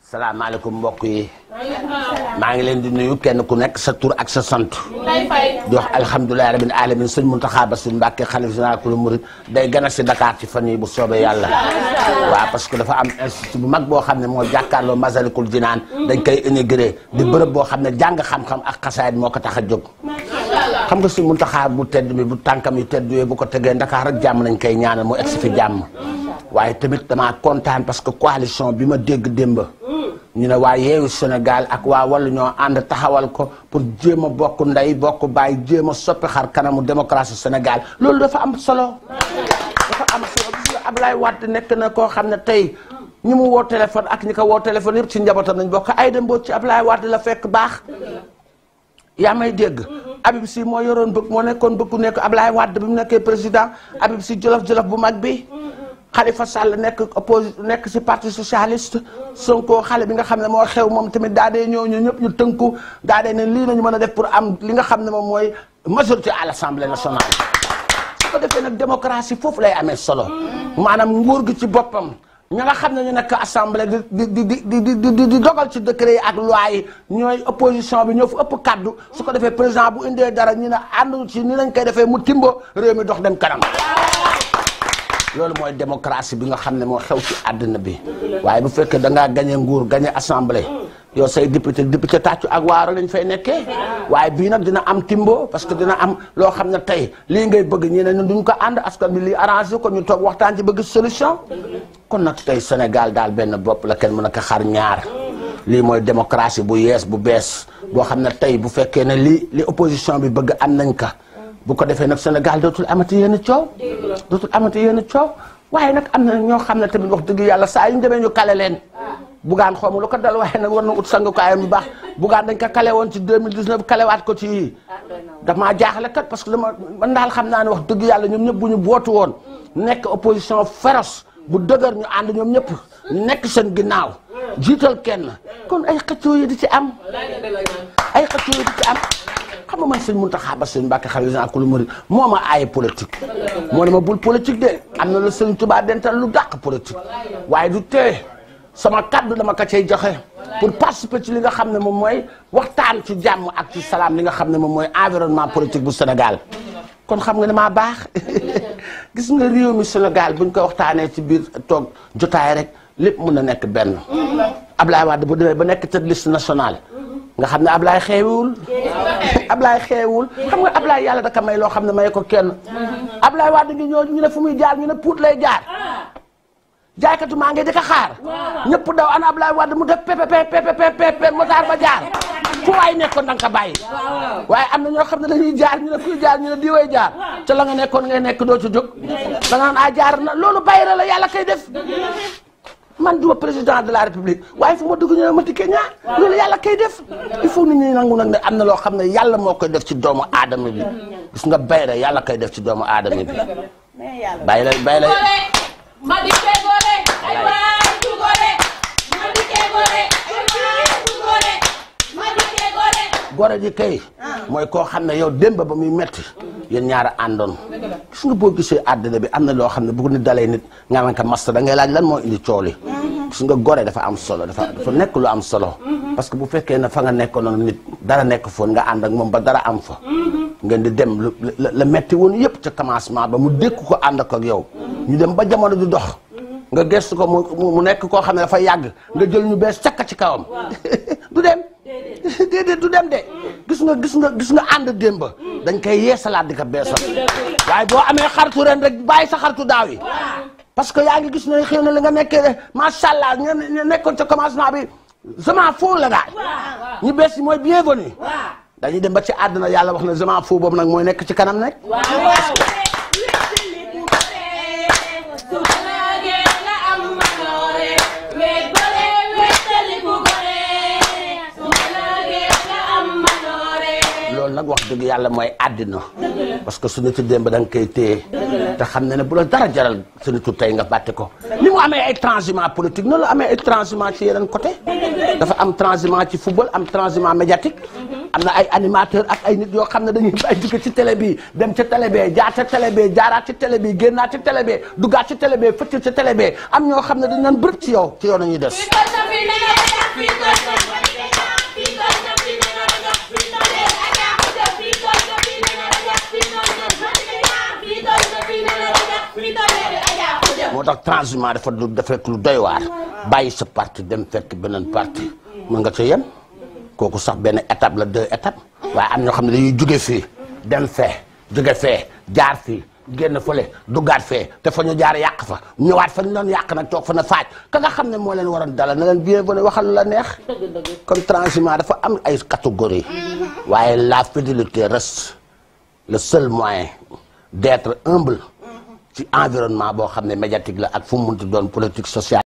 salaamaaleykum mbokk yi maa ngi leen di nuyu kenn ku nekk sa tur ak sa sant di wax alhamdulilah rabbil alamin sëñ Muntaxa Basiru Mbàkke xalif général ku murit day gën a si Dakar ci fan yi bu soobee yàlla waaw parce que dafa am institut bu mag boo xam ne moo jàkkaarloo Masalikul Jinaan dañ koy inauguré di bërëb boo xam ne jàng xam-xam ak xasaayit moo ko tax a jóg xam nga si mu Muntaxa bu tedd bi bu tànkam yu tedd yooyu bu ko tegee Ndakaar ak jàmm nañ koy ñaanal mu egg si jàmm waaye tamit damaa kontaan parce que coalition bi ma dégg démb ñu ne waa yeewu Sénégal ak waa wàllu ñoo ànd taxawal ko pour jéem a bokk ndey bokk bàyyi jéem a soppi xar kanamu démocratie Sénégal loolu dafa am solo dafa am solo gis nga Ablaye Wade nekk na koo xam ne tey ñi mu woo téléphone ak ñi ko woo téléphone yëpp si njabootam nañ bokk ay dem boo ci Ablaye Wade la fekk baax yaa may dégg Habib Sy moo yoroon bëgg moo nekkoon bëgg ku nekk Ablaye Wade bi mu nekkee président Habib si jolof-jolof bu mag bi Khalifa Sall nekk oppose nekk si parti socialiste Sonko xale bi nga xam ne moo xew moom tamit daa dee ñëw ñu ñëpp ñu tënku daa dee ne lii nañu mën a def pour am li nga xam ne moom mooy majorité à l'Assemblée nationale su ko defee nag démocratie foofu lay amee solo maanaam nguur gi ci boppam ña nga xam ne ñu nekk assemblée di di di di dogal ci décret yi ak loi yi ñooy opposition bi ñoo fu ëpp kaddu su ko defee président bu indee dara ñu ne ànd ci ni lañ koy defee mu timbo réew mi dox dem kanam loolu mooy démocratie bi nga xam ne mooy xew ci àddina bi waaye bu fekkee da ngaa gañe nguur gañe assemblée yow say député député tàccu ak waaro lañ fay nekkee waaye bii nag dina am timbo parce que dina am loo xam ne tey lii ngay bëgg ñi ne duñ ko ànd askan bi lii arrangé ko ñu toog waxtaan ci bëgg solution kon nag tey Sénégal daal benn bopp la kenn mën a ko xar ñaar lii mooy démocratie bu yees bu bees boo xam ne tey bu fekkee ne lii li opposition bi bëgg am nañ ka bu ko defee nag Sénégal dootul amati yenn coow dootul amati yenn coow waaye nag am na ñoo xam ne tamit wax yàlla saa demee ñu kale leen bugaan xaw ma lu ko dal waaye nag war na ut sangukaayam bu baax bugaan dañ ko kale woon ci 2019 kalewaat ko ci damaa jaaxle kat parce que dama man daal xam naa ne wax dëgg yàlla ñoom ñëpp bu ñu bootu woon nekk opposition féroce bu dëgër ñu ànd ñoom ñëpp ñu nekk seen ginnaaw jiital kenn kon ay xëccoo yi di ci am ay xëccoo yi di ci am xam nga man sëñ Muntaxa ba sëñ Mbàkke ko lu moo ma aaye politique moo ne ma bul politique de am na la sëñ Tuubaa dental lu dàq politique waaye du tee sama kàddu dama ko cay joxe pour participer ci li nga xam ne moom mooy waxtaan ci jàmm ak ci salaam li nga xam ne moom mooy environnement politique bu Sénégal kon xam nga ne maa baax gis nga réew mi Sénégal buñ ko waxtaanee ci biir toog jotaay rek li mun na nekk benn Ablaye Wade bu demee ba nekk tête liste national nga xam ne Ablaye xeewul Ablaye xeewul xam nga Ablaye yàlla daka may loo xam ne may ko kenn Ablaye Wade ngi ñoo ñu ne fu muy jaar ñu ne puut lay jaar jaaykatu maa ngi di ko xaar. ñëpp daw ana Ablaye Wade mu def pepe pepe pepe motaar ba jaar. ku waay nekkoon da nga ko bàyyi. waaye am na ñoo xam ne dañuy jaar ñu ne kuy jaar ñu la nga nekkoon ngay nekk doo ci jóg. da nga naan a ah, jaar na loolu bàyyi la la yàlla kay def. man duma président de la république waaye fu ma dugg ñu ne ma dikkee loolu yàlla kay def il faut nit ñu nangu nag ne am na loo xam ne yàlla moo koy def ci doomu aadama bi gis nga bayra yàlla koy def ci doomu aadama bi gore ji kay mooy koo xam ne yow démb ba ba muy metti yéen ñaara àndoon gis nga boo gisee àddina bi am na loo xam ne bugg ni dalee nit nga naan ko masta da ngay laaj lan moo indi cooli gis nga gore dafa am solo dafa dafa nekk lu am solo parce que bu fekkee ne fa nga nekkoon noonu nit dara nekk foon nga ànd moom ba dara am fa ngeen di dem la metti woon yëpp ca commencement ba mu dékk ko ànd ak yow ñu dem ba jamono ji dox nga gëstu ko mu nekk koo xam ne dafa yàgg nga jël ñu bees cakka ci kawam du dem déedéet du dem de gis nga gis nga gis nga ànd démb dañ koy yeesalaat di ko beesal waaye boo amee xartu ren rek bàyyi sa xartu daaw yi parce que yaa ngi gis ne xëy na li nga nekkee macha allah ñu nekkoon ca commencement bi sement foofu la gaay ñu bees yi mooy bienvenu dañuy dem ba ci àdduna yàlla wax na sement foofu boobu nag mooy nekk ci kanam nekk nag wax dëgg yàlla mooy àddina parce que su nitu démb da nga koy téye te xam na ne bu la dara jaral su nitu tey nga bàtte ko ni mu amee ay transhumance politique noonu la amee ay transhumance ci yeneen côté dafa am transhumance ci football am transhumance médiatique am na ay animateur ak ay nit yoo xam ne dañuy bàyyi dugg ci télé bi dem ca télé bee jaar ca télé bee jaaraat ci télé ci télé bee duggaat am ñoo xam ne dañ naan bërëb ci yow ci yow nañuy des moo tax transhumant dafa du dafa lu bàyyi sa parti dem fekk beneen parti mën nga ca yem kooku sax benn étape la deux étape waaye am ñoo xam ne dañuy jóge fii dem fee jóge fee jaar fi génn fële duggaat fe te fa ñu jaar yàq fa ñëwaat fa ñu doon yàq nag toog fa na faaj ka nga xam ne moo leen waroon dala ne leen bienvenu waxal la neex kon transhumant dafa am ay catégorie waaye la fidélité reste le seul moyen d'être humble ci environnement boo xam ne médiatique la ak fu mu munti doon politique sociale